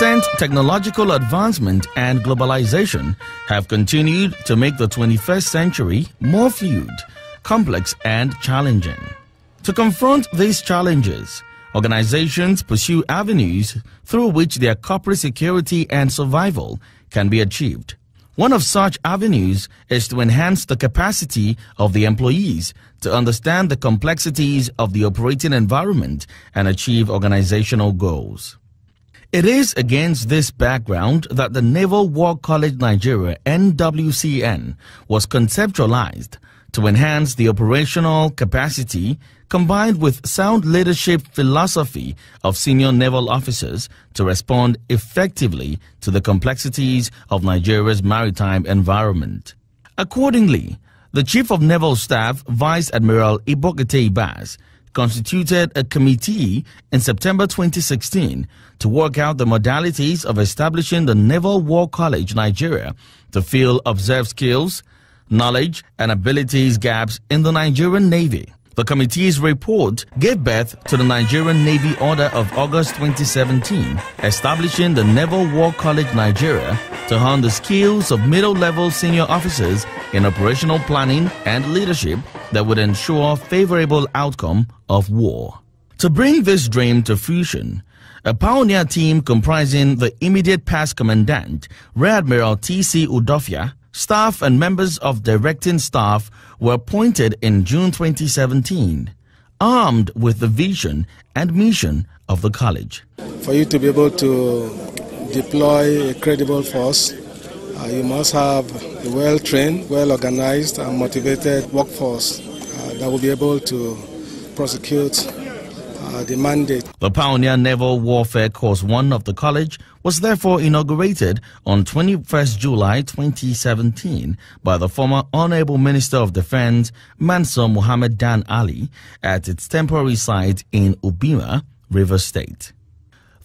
Recent technological advancement and globalization have continued to make the 21st century more fluid, complex, and challenging. To confront these challenges, organizations pursue avenues through which their corporate security and survival can be achieved. One of such avenues is to enhance the capacity of the employees to understand the complexities of the operating environment and achieve organizational goals. It is against this background that the Naval War College Nigeria NWCN was conceptualized to enhance the operational capacity combined with sound leadership philosophy of senior naval officers to respond effectively to the complexities of Nigeria's maritime environment. Accordingly, the Chief of Naval Staff, Vice Admiral Ibokete Ibaz, constituted a committee in September 2016 to work out the modalities of establishing the Naval War College Nigeria to fill observed skills, knowledge, and abilities gaps in the Nigerian Navy. The committee's report gave birth to the Nigerian Navy Order of August 2017, establishing the Naval War College Nigeria to hone the skills of middle level senior officers in operational planning and leadership that would ensure favorable outcome of war. To bring this dream to fruition, a pioneer team comprising the immediate past commandant, Rear Admiral T.C. Udofia, staff and members of directing staff were appointed in June 2017, armed with the vision and mission of the college. For you to be able to deploy a credible force, uh, you must have a well trained, well organized, and motivated workforce uh, that will be able to prosecute uh, the mandate. The Pioneer Naval Warfare Course 1 of the college was therefore inaugurated on 21st July 2017 by the former Honorable Minister of Defense Mansur Muhammad Dan Ali at its temporary site in Ubima, River State.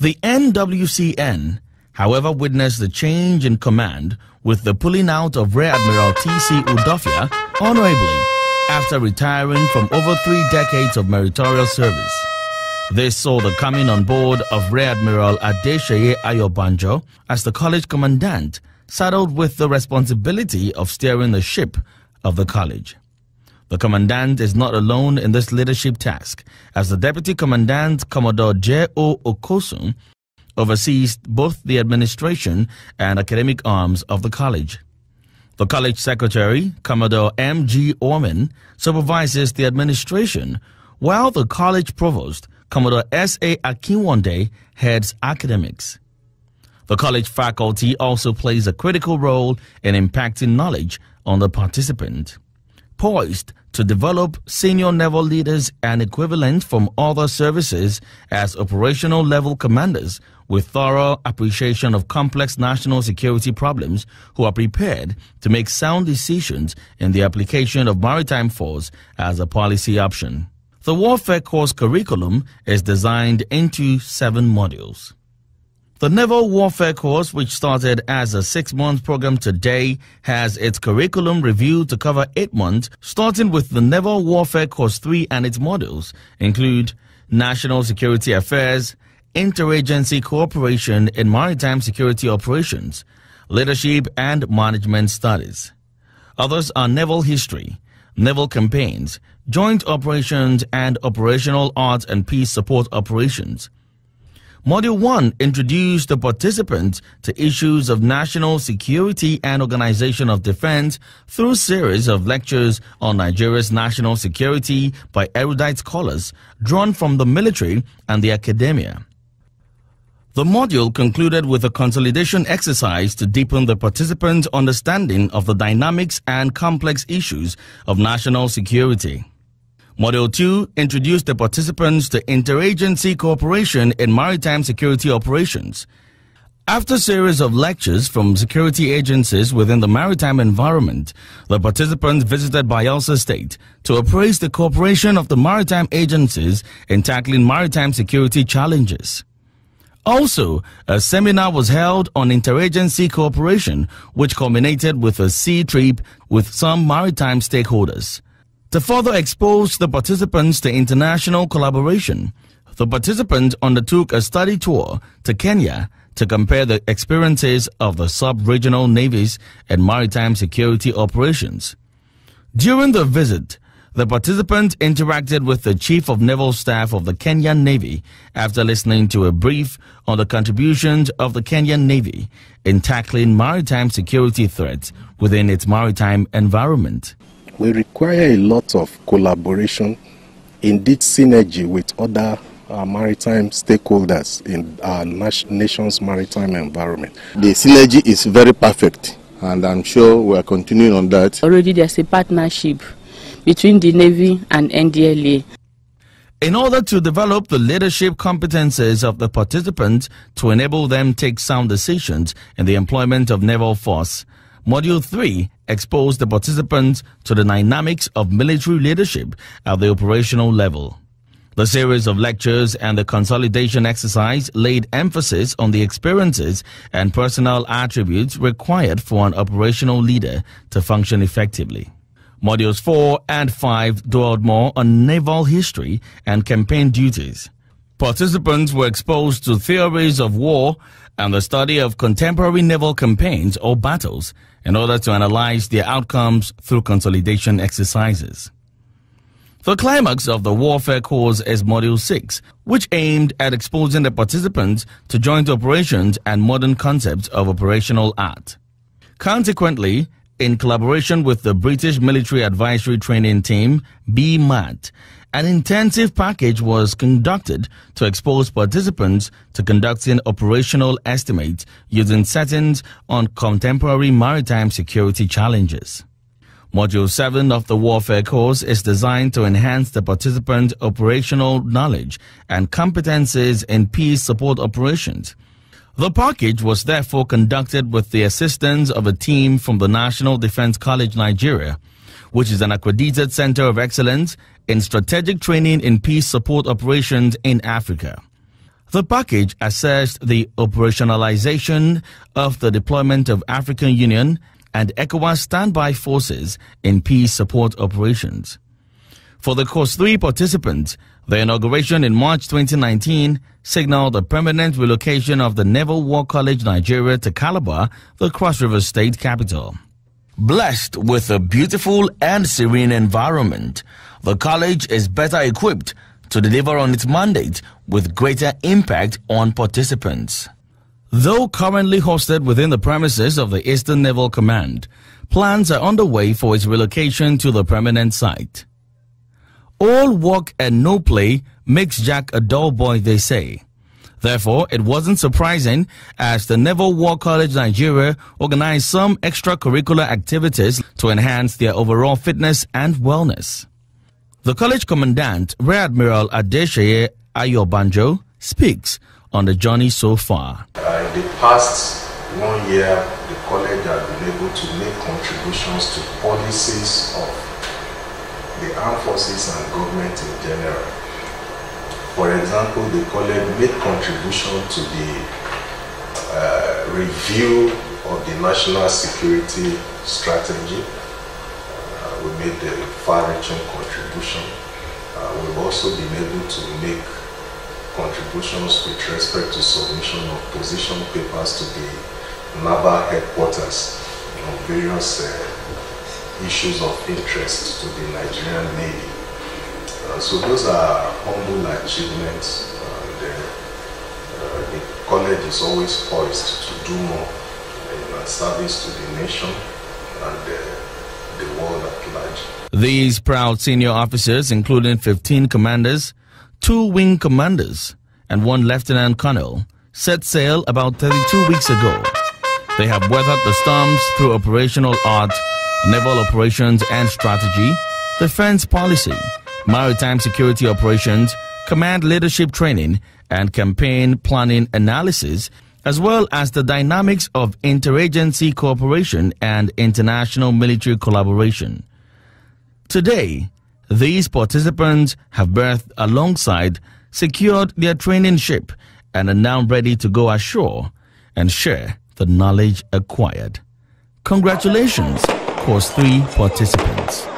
The NWCN, however, witnessed the change in command with the pulling out of Rear Admiral T.C. Udofia honorably after retiring from over three decades of meritorious service. They saw the coming on board of Rear Admiral Adeshaye Ayobanjo as the college commandant, saddled with the responsibility of steering the ship of the college. The commandant is not alone in this leadership task, as the deputy commandant, Commodore J.O. Okosun, oversees both the administration and academic arms of the college. The college secretary, Commodore M.G. Orman, supervises the administration, while the college provost, Commodore S.A. Akinwande heads academics. The college faculty also plays a critical role in impacting knowledge on the participant. Poised to develop senior naval leaders and equivalents from other services as operational level commanders with thorough appreciation of complex national security problems who are prepared to make sound decisions in the application of maritime force as a policy option. The warfare course curriculum is designed into seven modules. The Naval Warfare course, which started as a six month program today, has its curriculum reviewed to cover eight months, starting with the Naval Warfare Course 3 and its modules include National Security Affairs, Interagency Cooperation in Maritime Security Operations, Leadership and Management Studies. Others are Naval History, naval campaigns, joint operations, and operational arts and peace support operations. Module 1 introduced the participants to issues of national security and organization of defense through a series of lectures on Nigeria's national security by erudite scholars drawn from the military and the academia. The module concluded with a consolidation exercise to deepen the participants' understanding of the dynamics and complex issues of national security. Module 2 introduced the participants to interagency cooperation in maritime security operations. After a series of lectures from security agencies within the maritime environment, the participants visited Bielsa State to appraise the cooperation of the maritime agencies in tackling maritime security challenges. Also, a seminar was held on interagency cooperation, which culminated with a sea trip with some maritime stakeholders. To further expose the participants to international collaboration, the participants undertook a study tour to Kenya to compare the experiences of the sub-regional navies and maritime security operations. During the visit, the participant interacted with the Chief of Naval Staff of the Kenyan Navy after listening to a brief on the contributions of the Kenyan Navy in tackling maritime security threats within its maritime environment. We require a lot of collaboration, indeed, synergy with other uh, maritime stakeholders in our nation's maritime environment. The synergy is very perfect, and I'm sure we are continuing on that. Already, there's a partnership between the Navy and NDLA. In order to develop the leadership competences of the participants to enable them take sound decisions in the employment of naval force, Module 3 exposed the participants to the dynamics of military leadership at the operational level. The series of lectures and the consolidation exercise laid emphasis on the experiences and personal attributes required for an operational leader to function effectively. Modules 4 and 5 dwelled more on naval history and campaign duties. Participants were exposed to theories of war and the study of contemporary naval campaigns or battles in order to analyze their outcomes through consolidation exercises. The climax of the warfare course is Module 6, which aimed at exposing the participants to joint operations and modern concepts of operational art. Consequently, in collaboration with the British Military Advisory Training Team, BMAT. An intensive package was conducted to expose participants to conducting operational estimates using settings on contemporary maritime security challenges. Module 7 of the warfare course is designed to enhance the participants' operational knowledge and competences in peace support operations. The package was therefore conducted with the assistance of a team from the National Defense College Nigeria, which is an accredited center of excellence in strategic training in peace support operations in Africa. The package assessed the operationalization of the deployment of African Union and ECOWAS standby forces in peace support operations. For the course three participants, the inauguration in March 2019 signaled a permanent relocation of the Naval War College Nigeria to Calabar, the Cross River State capital. Blessed with a beautiful and serene environment, the college is better equipped to deliver on its mandate with greater impact on participants. Though currently hosted within the premises of the Eastern Naval Command, plans are underway for its relocation to the permanent site. All work and no play makes Jack a dull boy, they say. Therefore, it wasn't surprising as the Naval War College Nigeria organized some extracurricular activities to enhance their overall fitness and wellness. The college commandant, Rear Admiral Adeshaye Ayobanjo, speaks on the journey so far. Uh, in the past one year, the college has been able to make contributions to policies of the armed forces and government in general. For example, the college made contribution to the uh, review of the national security strategy. Uh, we made a far-reaching contribution. Uh, we've also been able to make contributions with respect to submission of position papers to the NABA headquarters, you various uh, issues of interest to the Nigerian Navy. Uh, so those are humble achievements. And, uh, the college is always poised to do more in service to the nation and the world at large. These proud senior officers, including 15 commanders, two wing commanders, and one lieutenant colonel, set sail about 32 weeks ago. They have weathered the storms through operational art naval operations and strategy, defense policy, maritime security operations, command leadership training, and campaign planning analysis, as well as the dynamics of interagency cooperation and international military collaboration. Today, these participants have berthed alongside, secured their training ship, and are now ready to go ashore and share the knowledge acquired. Congratulations! course three participants.